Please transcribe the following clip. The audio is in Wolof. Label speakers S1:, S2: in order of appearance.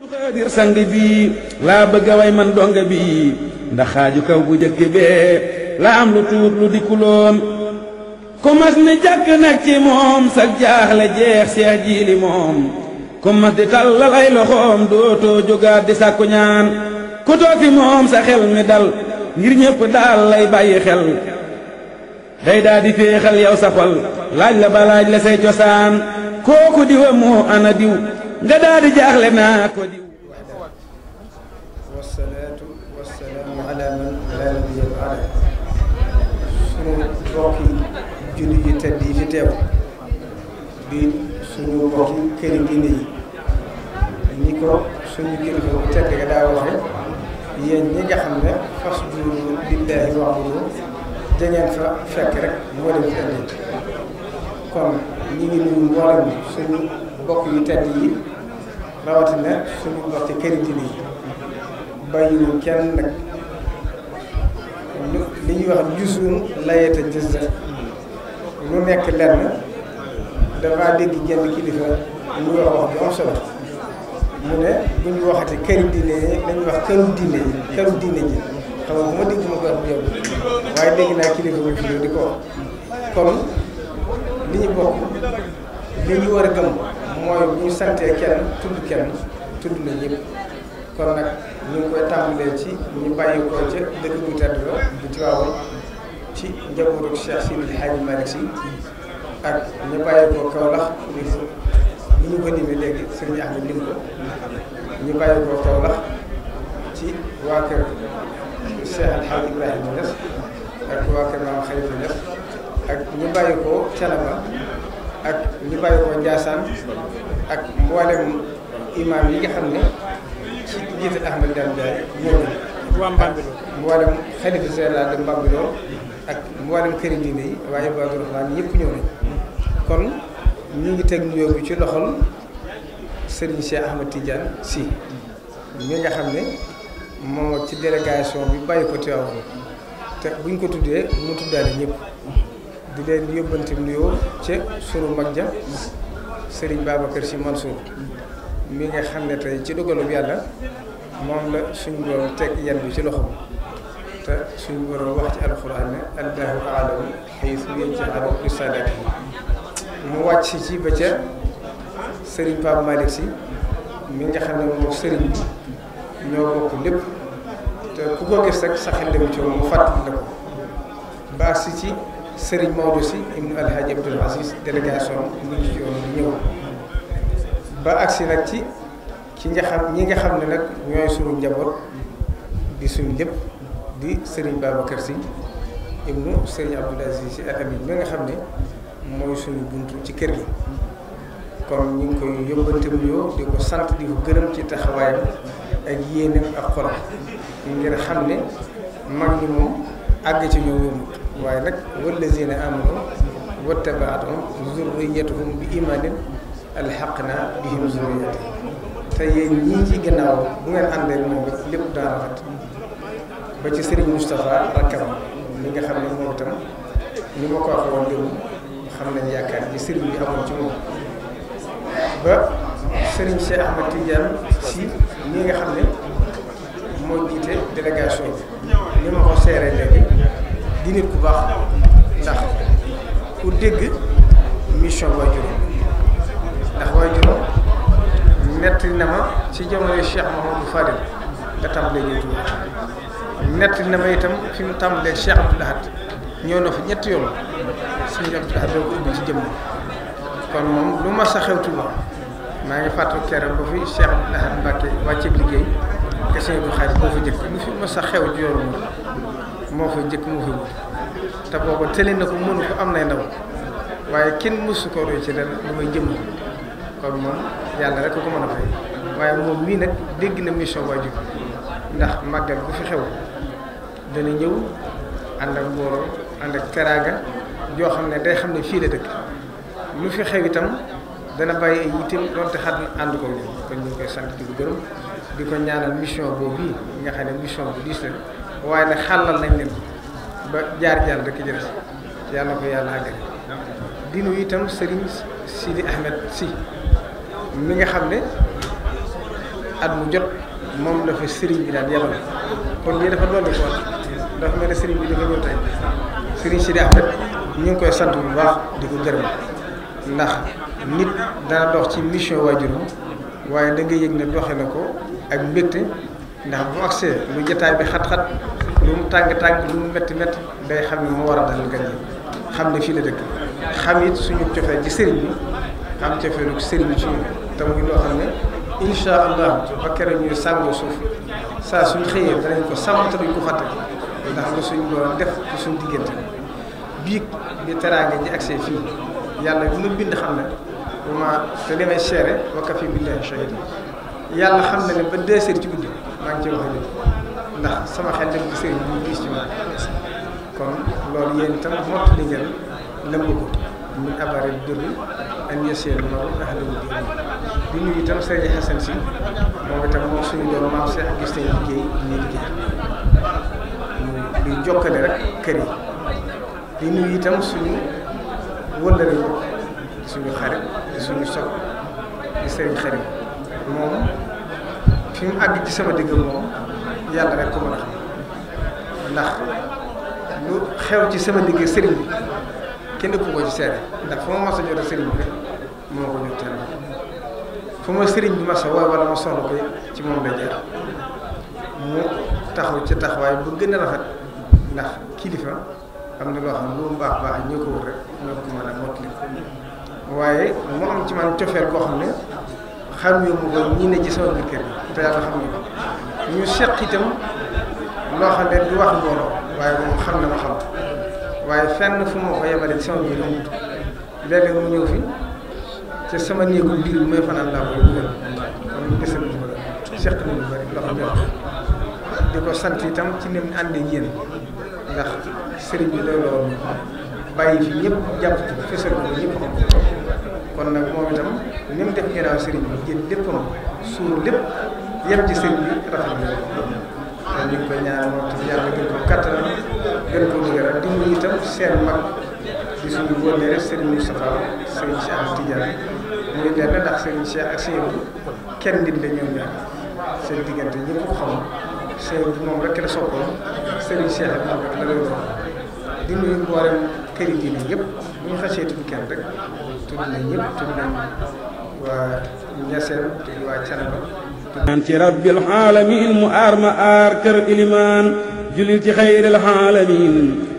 S1: Abdou Khadir sang bi laa bëgg a way man donga bi ndax kaw bu jëkk bee la lu tuut lu dikkuloon ku mas ni jàkk nag ci moom sag jaaxle jeex seex jiili moom ku mas di tàllal ay loxoom dootoo jógaat di sàkku ku toog moom sa xel mi dal ngir ñépp daal lay bàyyi xel day daal di féexal yow sa laaj la ba la say cosaan kooku diwa moo ana diw nga daal di jaaxle naa ko di wasalaatu wasalaamu ala la nabiya baada sunu mbokki julli ji yi fi teew bi suñu mbokki këri diine yi ñi ko suñu kilifa bu tedd ga daa waxe yéen ñi nga xam ne fas bu billaahi waxudu dangeen fa fekk rek moo dem tedd kon ñi ngi nuyu mboolem suñu mbokk yu tedd yi rawatina suñu wax ci këri diine yi bàyyiwul kenn nag li ñuy wax jusuum layata gis lu nekk lenn dafa dégg genn kilifa mu wax wax bu am mu ne bu ñu waxati këri diine yi dañuy wax këru diine yi këru diine ji xam nga bu ma dégg ma wax bu yóbbu waaye dégg naa kilifa bu fi di ko wax li ñu bokk li ñu war a mooy bu ñu santee kenn tudd kenn tudd na ñëpp kon nag ñu ngi koy tàmbalee ci ñu bàyyi ko ca dëkk bu tedd ba bu Tiwaawan ci njabootu Cheikh Sidi Hadji Malick Sy ak ñu bàyyi ko Kaolack ñu ñu ñu ci waa kër Cheikh Alhaji Ibrahima ak waa maam Khalifa Niass ak ñu bàyyi ko Thiénaba ak ñu bàyyi ko Ndiassane ak mboolem imaam yi nga xam ne ci jiital Ahmed Dame Ndiaye ñoo mboolem xalifa général de Mbambilor ak mboolem këri diine yi waaye Ibadou Rahmane ñëpp ñëw nañ kon ñu ngi teg nuyoo bi ci loxol Serigne Cheikh Ahmed Tidiane si ñi nga xam ne moom ci délégation bi bàyyi ko teewoon te buñ ko tuddee mu tuddaale ñëpp. di leen yóbbante nuyoo ca sunu mag ja sëriñ Babacar Sy Mansour mi nga xam ne tey ci dogalub yàlla moom la suñ borom teg yan ci loxoom te suñ borom wax ci alxuraan ne allahu alam xayis ngeen ci alam risaalaati mu wàcc ci ba ca sëriñ Pape Malick Sy mi nga xam ne moom sëriñ bi ñoo bokk lépp te ku ko gis rek sa dem ci mu fàttali la ko baas si ci Serigne Maodo si ibnu Alhaji Abdoul Aziz délégation ñu ngi ci yoon ñëw ba agsi nag ci ki nga xam ñi nga xam ne nag ñooy suñu njaboot di suñu lépp di sëriñ Serigne Babacar si ibnu Serigne Abdoul Aziz si atamit mi nga xam ne mooy suñu buntu ci kër gi kon ñu ngi koy yóbbante nuyoo di ko sant di ko ci taxawaayam ak yéeneem ak xolam ngir xam ne mag ñi moom àgg ci ñoo yómbut waaye nag wallazina amanu wattabaatuhum zurriyatuhum bi imaanin alxaqnaa bihim zurriyatahum te yéen ñii ci gannaaw bu ngeen àndee moom it lépp daan rafet ba ci sëriñ Moustapha rakkam mi nga xam ne moom itam ni ma ko waxee woon démb xam nañ yaakaar ji sëriñ ba sëriñ Cheikh Ahmed Tidiane si ñi nga xam ne moo jiite délégation bi ni ma ko seeree léegi di nit ku baax ndax ku dégg mission waajuram ndax waajuram nett na ma ci jamono Cheikh Mahamadou Fadil nga tàmbalee ñëw Touba nett na ma itam fi mu tàmbalee Cheikh Abdoul Ahad ñëw na fa ñetti yoon suñu Abdoul Ahad doo ko ci jëmm kon moom lu ma sa xew Touba maa ngi fàttal keroog ba fi Cheikh Abdoul Ahad Mbacké wàcceeb liggéey te sëñ bi xaar moo fa jëkk lu fi mës a xew ci yoonu moo fa jëkk moo fa wut te booba tële na ko mënu ko am nay ndaw waaye kenn mësu ko roy ci dara lu may jëmm kon moom yàlla rek ko mën a fay waaye moom mii nag dégg na mission waajur ndax màggal bu fi xew dana ñëw ànd ak mbooloo ànd ak teraanga joo xam ne day xam ne fii la dëkk lu fi xew itam dana bàyyi ay yitteem donte xat ànd ko ñoom kon ñu ngi koy sant di ko di ko ñaanal mission boobu bii nga xam ne mission bu diis la waaye ne xàllal nañ leen ba jaar jaar dëkk jërës yàlla ko yàlla àggal di nuyu itam Serigne Sidi Ahmed si mi nga xam ne at mu jot moom la fa Serigne bi daan yabal kon lii dafa dolli ko dafa mel ne Serigne bi dafa ñëw tey si Sidi Ahmed ñu ngi koy sant bu baax di ko gërëm ndax nit dana dox ci mission waajur waaye da nga yëg ne doxe na ko ak mbégte ndax bu agsee lu jataay bi xat-xat lu mu tàgg tàng lu mu mett métti day xam ne moo war a dalal gan yi xam ne fii la dëkk xam it suñu cofee ci sëriñ bi am cofee lu sëriñ bi ci ñun te muy loo xam ne incha allah suñ xëyee ko sàmm ko fàtte ndax lu suñ doon def ci suñ diggante biig bi teraanga ji agsee fii yàlla bu nu bind xam ne bu ma te li may seere wa kafaa billaahi shahiidan yàlla xam na ne ba deux ci guddi maa ngi ci wax ndax sama xel dem ko min abari durri an yasir maru ahlahu diin di nuyu itam sëriñ Xasan si moom itam moom suñu doon maam Seex gis nañu liggéey ñuy liggéey di jokkale rek kër yi di nuyu itam suñu wëllëre suñu xarit suñu sopp di sëriñ xarit moom fi mu àgg ci sama digg moom yàlla rek ko mën a ndax lu xew ci sama digg sëriñ bi kenn ku ko ci seere ndax fu ma mas a sëriñ bi rek moo ko jot teel fu ma sëriñ bi mas a woo wala ma soxla ci moom la jaar mu taxaw ci taxawaay bu gën a rafet ndax kilifa am na loo xam ne lu mu baax baax ñoo ko rek ñoo ko mën a mottali waaye mu am ci man cofeel koo xam ne xam yow mu ko ñii ne ci sama biir kër te yàlla xam ne ñu seq itam loo xam ne du wax mbooloo waaye moom xam na ma xam waaye fenn fu ma ko yemale ci sama biir la mut léeg-léeg mu ñëw fi sama néegu biir bi may fanaan laa koy ko di ko sant itam ci ni mu ànd ak yéen ndax sëriñ bi loolu bàyyi fi ñëpp jàpp ci fësal ko ñëpp xam kon nag moom itam ni mu def ginnaaw sëriñ bi jël lépp na suur lépp yem ci sëriñ bi rafet bi kon ñu ngi koy ñaanal moom itam yàlla gën ko kattan gën ko seen mag di suñu wóllëre sëriñ Moustapha sëriñ Cheikh Tidiane muy benn ndax sëriñ Cheikh ak sëriñ bi kenn nit la ñoom ñaar seen diggante ñëpp xam sëriñ bi moom rek la soppoon sëriñ Cheikh moom rek la doon di nuyu mboolem këri diine yëpp bu ñu xasee tudd kenn rek tudd nañ ñëpp tudd nañ waa Ñaseen tudd waa Canaba naan ci rabbil alamin mu aar ma aar kër ilimaan julil ci xayril alamin